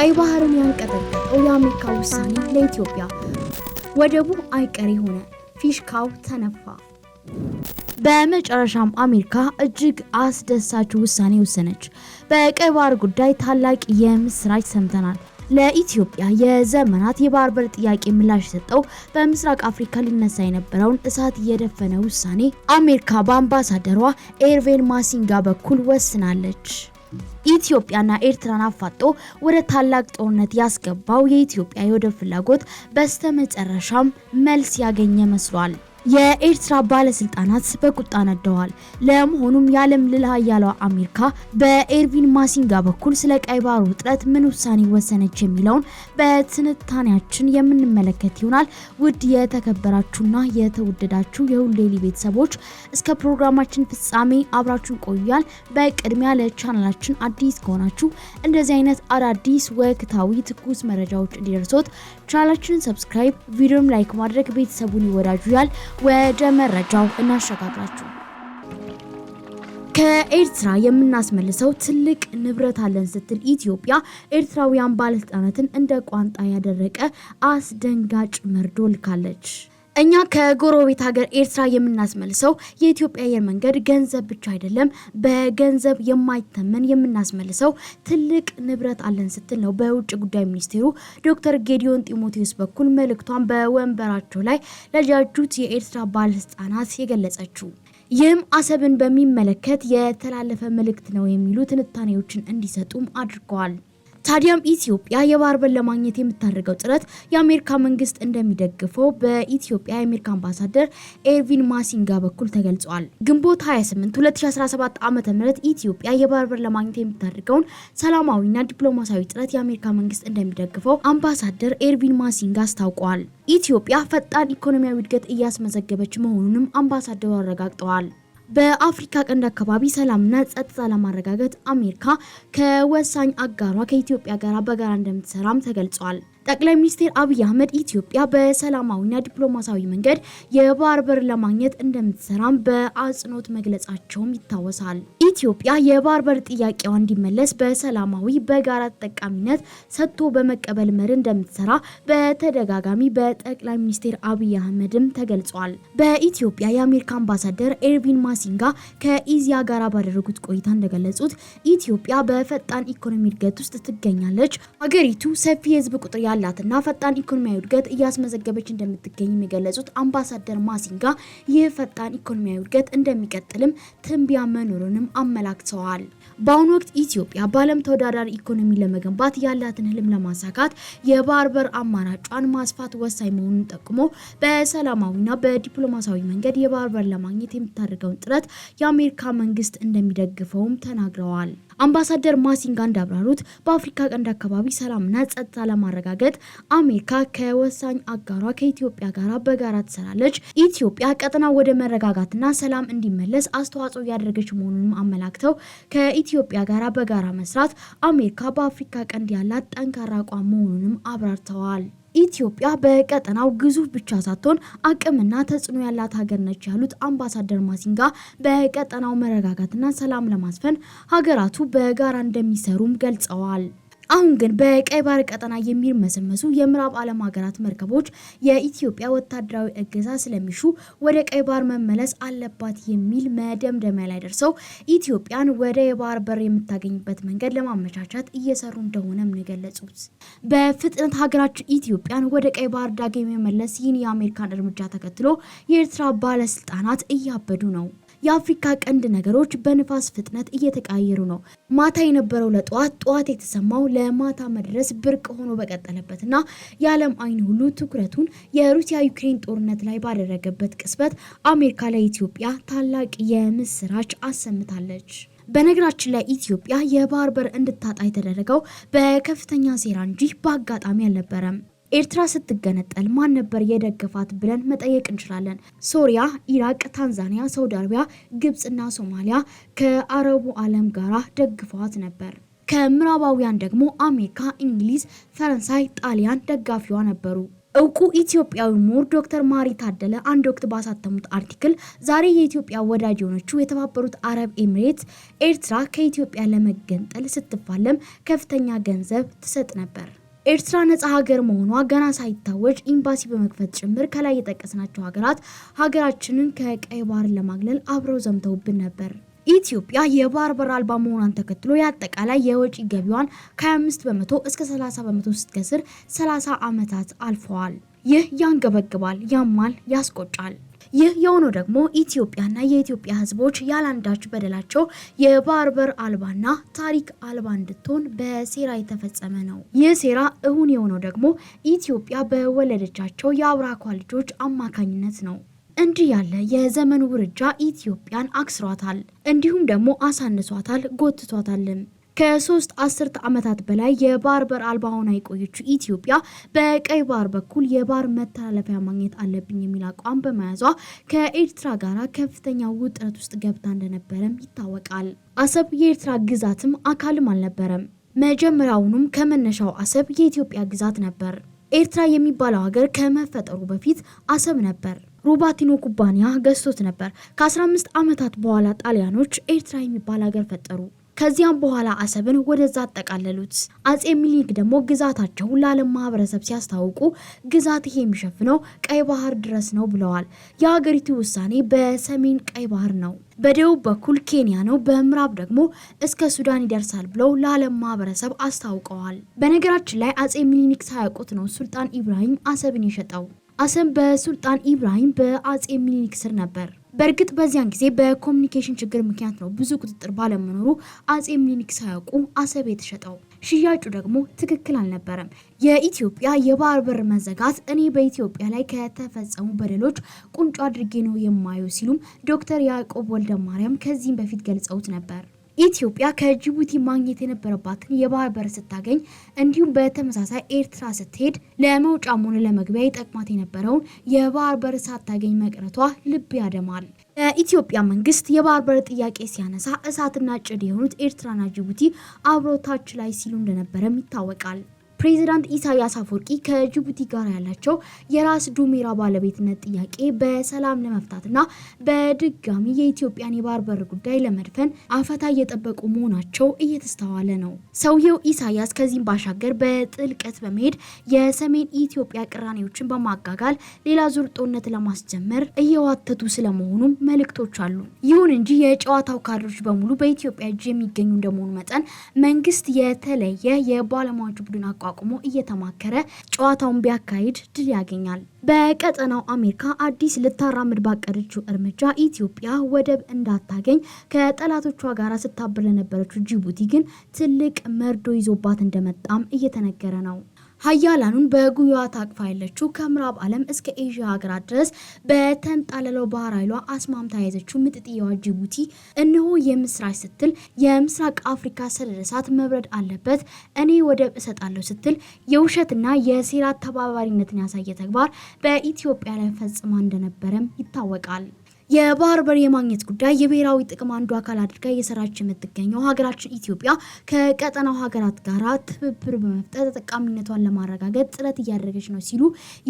ቀይ ባህርን ያንቀጠቀጠው የአሜሪካ ውሳኔ ለኢትዮጵያ ወደቡ አይቀሬ ሆነ። ፊሽካው ተነፋ። በመጨረሻም አሜሪካ እጅግ አስደሳች ውሳኔ ወሰነች። በቀይ ባህር ጉዳይ ታላቅ የምስራች ሰምተናል። ለኢትዮጵያ የዘመናት የባህር በር ጥያቄ ምላሽ የሰጠው በምስራቅ አፍሪካ ሊነሳ የነበረውን እሳት የደፈነ ውሳኔ አሜሪካ በአምባሳደሯ ኤርቬን ማሲንጋ በኩል ወስናለች። ኢትዮጵያና ኤርትራን አፋጦ ወደ ታላቅ ጦርነት ያስገባው የኢትዮጵያ የወደብ ፍላጎት በስተመጨረሻም መልስ ያገኘ መስሏል። የኤርትራ ባለስልጣናት በቁጣ ነደዋል። ለመሆኑም የዓለም ልዕለ ኃያሏ አሜሪካ በኤርቪን ማሲንጋ በኩል ስለ ቀይ ባህር ውጥረት ምን ውሳኔ ወሰነች የሚለውን በትንታኔያችን የምንመለከት ይሆናል። ውድ የተከበራችሁና የተወደዳችሁ የሁሉ ዴይሊ ቤተሰቦች እስከ ፕሮግራማችን ፍጻሜ አብራችሁን ቆያል። በቅድሚያ ለቻናላችን አዲስ ከሆናችሁ እንደዚህ አይነት አዳዲስ ወቅታዊ ትኩስ መረጃዎች እንዲደርሶት ቻናላችንን ሰብስክራይብ፣ ቪዲዮም ላይክ ማድረግ ቤተሰቡን ይወዳጁ ያል ወደ መረጃው እናሸጋግራችሁ። ከኤርትራ የምናስመልሰው ትልቅ ንብረት አለን ስትል ኢትዮጵያ ኤርትራውያን ባለስልጣናትን እንደ ቋንጣ ያደረቀ አስደንጋጭ መርዶ ልካለች። እኛ ከጎረቤት ሀገር ኤርትራ የምናስመልሰው የኢትዮጵያ አየር መንገድ ገንዘብ ብቻ አይደለም፣ በገንዘብ የማይተመን የምናስመልሰው ትልቅ ንብረት አለን ስትል ነው በውጭ ጉዳይ ሚኒስቴሩ ዶክተር ጌዲዮን ጢሞቴዎስ በኩል መልእክቷን በወንበራቸው ላይ ለጃጁት የኤርትራ ባለስልጣናት የገለጸችው። ይህም አሰብን በሚመለከት የተላለፈ መልእክት ነው የሚሉ ትንታኔዎችን እንዲሰጡም አድርገዋል። ታዲያም ኢትዮጵያ የባህር በር ለማግኘት የምታደርገው ጥረት የአሜሪካ መንግስት እንደሚደግፈው በኢትዮጵያ የአሜሪካ አምባሳደር ኤርቪን ማሲንጋ በኩል ተገልጿል። ግንቦት 28 2017 ዓ.ም ኢትዮጵያ የባህር በር ለማግኘት የምታደርገውን ሰላማዊና ዲፕሎማሲያዊ ጥረት የአሜሪካ መንግስት እንደሚደግፈው አምባሳደር ኤርቪን ማሲንጋ አስታውቋል። ኢትዮጵያ ፈጣን ኢኮኖሚያዊ እድገት እያስመዘገበች መሆኑንም አምባሳደሩ አረጋግጠዋል። በአፍሪካ ቀንድ አካባቢ ሰላምና ጸጥታ ለማረጋገጥ አሜሪካ ከወሳኝ አጋሯ ከኢትዮጵያ ጋር በጋራ እንደምትሰራም ተገልጿል። ጠቅላይ ሚኒስትር አብይ አህመድ ኢትዮጵያ በሰላማዊና ዲፕሎማሲያዊ መንገድ የባህር በር ለማግኘት እንደምትሰራም በአጽንኦት መግለጻቸውም ይታወሳል። ኢትዮጵያ የባህር በር ጥያቄዋ እንዲመለስ በሰላማዊ በጋራ ተጠቃሚነት ሰጥቶ በመቀበል መር እንደምትሰራ በተደጋጋሚ በጠቅላይ ሚኒስትር አብይ አህመድም ተገልጿል። በኢትዮጵያ የአሜሪካ አምባሳደር ኤርቪን ማሲንጋ ከኢዚያ ጋር ባደረጉት ቆይታ እንደገለጹት ኢትዮጵያ በፈጣን ኢኮኖሚ እድገት ውስጥ ትገኛለች። ሀገሪቱ ሰፊ የህዝብ ቁጥር ያላትና ፈጣን ኢኮኖሚያዊ እድገት እያስመዘገበች እንደምትገኝ የገለጹት አምባሳደር ማሲንጋ ይህ ፈጣን ኢኮኖሚያዊ እድገት እንደሚቀጥልም ትንቢያ መኖሩንም አመላክተዋል። በአሁኑ ወቅት ኢትዮጵያ በዓለም ተወዳዳሪ ኢኮኖሚ ለመገንባት ያላትን ህልም ለማሳካት የባህር በር አማራጯን ማስፋት ወሳኝ መሆኑን ጠቁሞ በሰላማዊና በዲፕሎማሲያዊ መንገድ የባህር በር ለማግኘት የምታደርገውን ጥረት የአሜሪካ መንግስት እንደሚደግፈውም ተናግረዋል። አምባሳደር ማሲንጋ እንዳብራሩት በአፍሪካ ቀንድ አካባቢ ሰላምና ጸጥታ ለማረጋገጥ በማስመልከት አሜሪካ ከወሳኝ አጋሯ ከኢትዮጵያ ጋር በጋራ ትሰራለች። ኢትዮጵያ ቀጠና ወደ መረጋጋትና ሰላም እንዲመለስ አስተዋጽኦ እያደረገች መሆኑንም አመላክተው ከኢትዮጵያ ጋር በጋራ መስራት አሜሪካ በአፍሪካ ቀንድ ያላት ጠንካራ አቋም መሆኑንም አብራርተዋል። ኢትዮጵያ በቀጠናው ግዙፍ ብቻ ሳትሆን አቅምና ተጽዕኖ ያላት ሀገር ነች ያሉት አምባሳደር ማሲንጋ በቀጠናው መረጋጋትና ሰላም ለማስፈን ሀገራቱ በጋራ እንደሚሰሩም ገልጸዋል። አሁን ግን በቀይ ባህር ቀጠና የሚርመሰመሱ የምዕራብ ዓለም ሀገራት መርከቦች የኢትዮጵያ ወታደራዊ እገዛ ስለሚሹ ወደ ቀይ ባህር መመለስ አለባት የሚል መደምደሚያ ላይ ደርሰው ኢትዮጵያን ወደ የባህር በር የምታገኝበት መንገድ ለማመቻቻት እየሰሩ እንደሆነም ነው የገለጹት። በፍጥነት ሀገራችን ኢትዮጵያን ወደ ቀይ ባህር ዳግም የመመለስ ይህን የአሜሪካን እርምጃ ተከትሎ የኤርትራ ባለስልጣናት እያበዱ ነው። የአፍሪካ ቀንድ ነገሮች በንፋስ ፍጥነት እየተቃየሩ ነው። ማታ የነበረው ለጠዋት፣ ጠዋት የተሰማው ለማታ መድረስ ብርቅ ሆኖ በቀጠለበትና የዓለም አይን ሁሉ ትኩረቱን የሩሲያ ዩክሬን ጦርነት ላይ ባደረገበት ቅስበት አሜሪካ ለኢትዮጵያ ታላቅ የምስራች አሰምታለች። በነገራችን ላይ ኢትዮጵያ የባህር በር እንድታጣ የተደረገው በከፍተኛ ሴራ እንጂ በአጋጣሚ አልነበረም። ኤርትራ ስትገነጠል ማን ነበር የደገፋት ብለን መጠየቅ እንችላለን። ሶሪያ፣ ኢራቅ፣ ታንዛኒያ፣ ሳውዲ አረቢያ፣ ግብፅና ሶማሊያ ከአረቡ ዓለም ጋራ ደግፈዋት ነበር። ከምዕራባውያን ደግሞ አሜሪካ፣ እንግሊዝ፣ ፈረንሳይ፣ ጣሊያን ደጋፊዋ ነበሩ። እውቁ ኢትዮጵያዊ ምሁር ዶክተር ማሪ ታደለ አንድ ወቅት ባሳተሙት አርቲክል ዛሬ የኢትዮጵያ ወዳጅ የሆነችው የተባበሩት አረብ ኤምሬት ኤርትራ ከኢትዮጵያ ለመገንጠል ስትፋለም ከፍተኛ ገንዘብ ትሰጥ ነበር። ኤርትራ ነጻ ሀገር መሆኗ ገና ሳይታወጅ ኤምባሲ በመክፈት ጭምር ከላይ የጠቀስናቸው ሀገራት ሀገራችንን ከቀይ ባህር ለማግለል አብረው ዘምተውብን ነበር። ኢትዮጵያ የባህር በር አልባ መሆኗን ተከትሎ የአጠቃላይ የወጪ ገቢዋን ከ25 በመቶ እስከ 30 በመቶ ስትከስር 30 ዓመታት አልፈዋል። ይህ ያንገበግባል፣ ያማል፣ ያስቆጫል። ይህ የሆነው ደግሞ ኢትዮጵያና የኢትዮጵያ ህዝቦች ያላንዳች በደላቸው የባህር በር አልባና ታሪክ አልባ እንድትሆን በሴራ የተፈጸመ ነው። ይህ ሴራ እሁን የሆነው ደግሞ ኢትዮጵያ በወለደቻቸው የአብራኳ ልጆች አማካኝነት ነው። እንዲህ ያለ የዘመኑ ውርጃ ኢትዮጵያን አክስሯታል፣ እንዲሁም ደግሞ አሳንሷታል፣ ጎትቷታልም። ከሶስት አስርተ ዓመታት በላይ የባህር በር አልባ ሆና የቆየችው ኢትዮጵያ በቀይ ባህር በኩል የባህር መተላለፊያ ማግኘት አለብኝ የሚል አቋም በመያዟ ከኤርትራ ጋር ከፍተኛ ውጥረት ውስጥ ገብታ እንደነበረም ይታወቃል። አሰብ የኤርትራ ግዛትም አካልም አልነበረም። መጀመሪያውኑም ከመነሻው አሰብ የኢትዮጵያ ግዛት ነበር። ኤርትራ የሚባለው ሀገር ከመፈጠሩ በፊት አሰብ ነበር። ሩባቲኖ ኩባንያ ገዝቶት ነበር። ከ15 ዓመታት በኋላ ጣሊያኖች ኤርትራ የሚባል ሀገር ፈጠሩ። ከዚያም በኋላ አሰብን ወደዛ አጠቃለሉት። አጼ ሚኒሊክ ደግሞ ግዛታቸውን ለዓለም ማህበረሰብ ሲያስታውቁ ግዛት ይሄ የሚሸፍነው ቀይ ባህር ድረስ ነው ብለዋል። የሀገሪቱ ውሳኔ በሰሜን ቀይ ባህር ነው፣ በደቡብ በኩል ኬንያ ነው፣ በምዕራብ ደግሞ እስከ ሱዳን ይደርሳል ብለው ለዓለም ማህበረሰብ አስታውቀዋል። በነገራችን ላይ አጼ ሚኒሊክ ሳያውቁት ነው ሱልጣን ኢብራሂም አሰብን የሸጠው። አሰብ በሱልጣን ኢብራሂም በአጼ ሚኒሊክ ስር ነበር። በእርግጥ በዚያን ጊዜ በኮሚኒኬሽን ችግር ምክንያት ነው ብዙ ቁጥጥር ባለመኖሩ አጼ ምኒልክ ሳያውቁ አሰብ የተሸጠው። ሽያጩ ደግሞ ትክክል አልነበረም። የኢትዮጵያ የባህር በር መዘጋት እኔ በኢትዮጵያ ላይ ከተፈጸሙ በደሎች ቁንጮ አድርጌ ነው የማየው ሲሉም ዶክተር ያዕቆብ ወልደ ማርያም ከዚህም በፊት ገልጸውት ነበር። ኢትዮጵያ ከጅቡቲ ማግኘት የነበረባትን የባህር በር ስታገኝ እንዲሁም በተመሳሳይ ኤርትራ ስትሄድ ለመውጫም ሆነ ለመግቢያ ይጠቅማት የነበረውን የባህር በር ሳታገኝ መቅረቷ ልብ ያደማል። የኢትዮጵያ መንግስት የባህር በር ጥያቄ ሲያነሳ እሳትና ጭድ የሆኑት ኤርትራና ጅቡቲ አብሮታች ላይ ሲሉ እንደነበረም ይታወቃል። ፕሬዚዳንት ኢሳያስ አፈወርቂ ከጅቡቲ ጋር ያላቸው የራስ ዱሜራ ባለቤትነት ጥያቄ በሰላም ለመፍታትና በድጋሚ የኢትዮጵያን የባህር በር ጉዳይ ለመድፈን አፈታ እየጠበቁ መሆናቸው እየተስተዋለ ነው። ሰውየው ኢሳያስ ከዚህም ባሻገር በጥልቀት በመሄድ የሰሜን ኢትዮጵያ ቅራኔዎችን በማጋጋል ሌላ ዙር ጦርነት ለማስጀመር እየዋተቱ ስለመሆኑም መልእክቶች አሉ። ይሁን እንጂ የጨዋታው ካድሮች በሙሉ በኢትዮጵያ እጅ የሚገኙ እንደመሆኑ መጠን መንግስት የተለየ የባለሙያዎች ቡድን አቋቁ ተቋቁሞ እየተማከረ ጨዋታውን ቢያካሂድ ድል ያገኛል። በቀጠናው አሜሪካ አዲስ ልታራምድ ባቀደችው እርምጃ ኢትዮጵያ ወደብ እንዳታገኝ ከጠላቶቿ ጋር ስታብር ለነበረችው ጅቡቲ ግን ትልቅ መርዶ ይዞባት እንደመጣም እየተነገረ ነው። ሀያላኑን በጉያ ታቅፋ ያለችው ከምዕራብ ዓለም እስከ ኤዥያ ሀገራት ድረስ በተንጣለለው ባህር ኃይሏ አስማምታ የያዘችው ምጥጥያዋ ጅቡቲ እነሆ የምስራች ስትል የምስራቅ አፍሪካ ሰደድ መብረድ አለበት፣ እኔ ወደብ እሰጣለሁ ስትል የውሸትና የሴራ ተባባሪነትን ያሳየ ተግባር በኢትዮጵያ ላይ ፈጽማ እንደነበረም ይታወቃል። የባህር በር የማግኘት ጉዳይ የብሔራዊ ጥቅም አንዱ አካል አድርጋ እየሰራች የምትገኘው ሀገራችን ኢትዮጵያ ከቀጠናው ሀገራት ጋር ትብብር በመፍጠር ተጠቃሚነቷን ለማረጋገጥ ጥረት እያደረገች ነው ሲሉ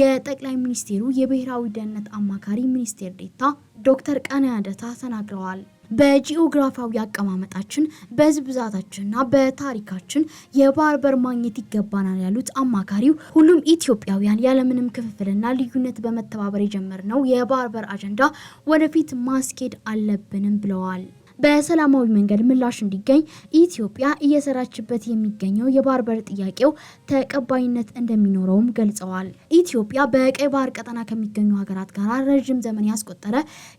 የጠቅላይ ሚኒስቴሩ የብሔራዊ ደህንነት አማካሪ ሚኒስቴር ዴታ ዶክተር ቀነኒሳ ያደታ ተናግረዋል። በጂኦግራፊያዊ አቀማመጣችን፣ በህዝብ ብዛታችንና በታሪካችን የባህር በር ማግኘት ይገባናል ያሉት አማካሪው ሁሉም ኢትዮጵያውያን ያለምንም ክፍፍልና ልዩነት በመተባበር የጀመርነው የባህር በር አጀንዳ ወደፊት ማስኬድ አለብንም ብለዋል። በሰላማዊ መንገድ ምላሽ እንዲገኝ ኢትዮጵያ እየሰራችበት የሚገኘው የባህር በር ጥያቄው ተቀባይነት እንደሚኖረውም ገልጸዋል። ኢትዮጵያ በቀይ ባህር ቀጠና ከሚገኙ ሀገራት ጋር ረዥም ዘመን ያስቆጠረ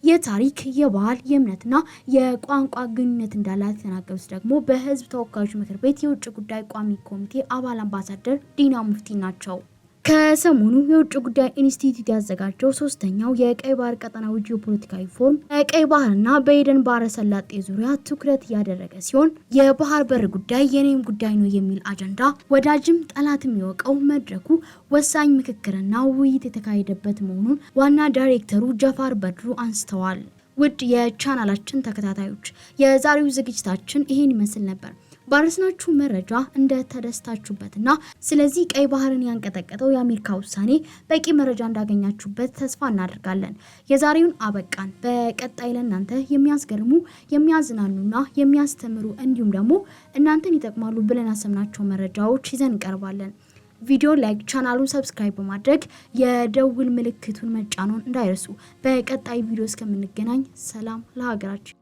የታሪክ የባህል፣ የእምነትና የቋንቋ ግንኙነት እንዳላት የተናገሩት ደግሞ በህዝብ ተወካዮች ምክር ቤት የውጭ ጉዳይ ቋሚ ኮሚቴ አባል አምባሳደር ዲና ሙፍቲ ናቸው። ከሰሞኑ የውጭ ጉዳይ ኢንስቲትዩት ያዘጋጀው ሶስተኛው የቀይ ባህር ቀጠናዊ ጂኦፖለቲካዊ ፎርም በቀይ ባህርና በኤደን ባህረ ሰላጤ ዙሪያ ትኩረት እያደረገ ሲሆን የባህር በር ጉዳይ የኔም ጉዳይ ነው የሚል አጀንዳ ወዳጅም ጠላት የሚወቀው መድረኩ ወሳኝ ምክክርና ውይይት የተካሄደበት መሆኑን ዋና ዳይሬክተሩ ጀፋር በድሩ አንስተዋል። ውድ የቻናላችን ተከታታዮች የዛሬው ዝግጅታችን ይህን ይመስል ነበር። ባረስናችሁ መረጃ እንደተደስታችሁበትና ስለዚህ ቀይ ባህርን ያንቀጠቀጠው የአሜሪካ ውሳኔ በቂ መረጃ እንዳገኛችሁበት ተስፋ እናደርጋለን። የዛሬውን አበቃን። በቀጣይ ለእናንተ የሚያስገርሙ የሚያዝናኑና የሚያስተምሩ እንዲሁም ደግሞ እናንተን ይጠቅማሉ ብለን ያሰብናቸው መረጃዎች ይዘን እንቀርባለን። ቪዲዮ ላይክ፣ ቻናሉን ሰብስክራይብ በማድረግ የደውል ምልክቱን መጫኖን እንዳይረሱ። በቀጣይ ቪዲዮ እስከምንገናኝ ሰላም ለሀገራችን።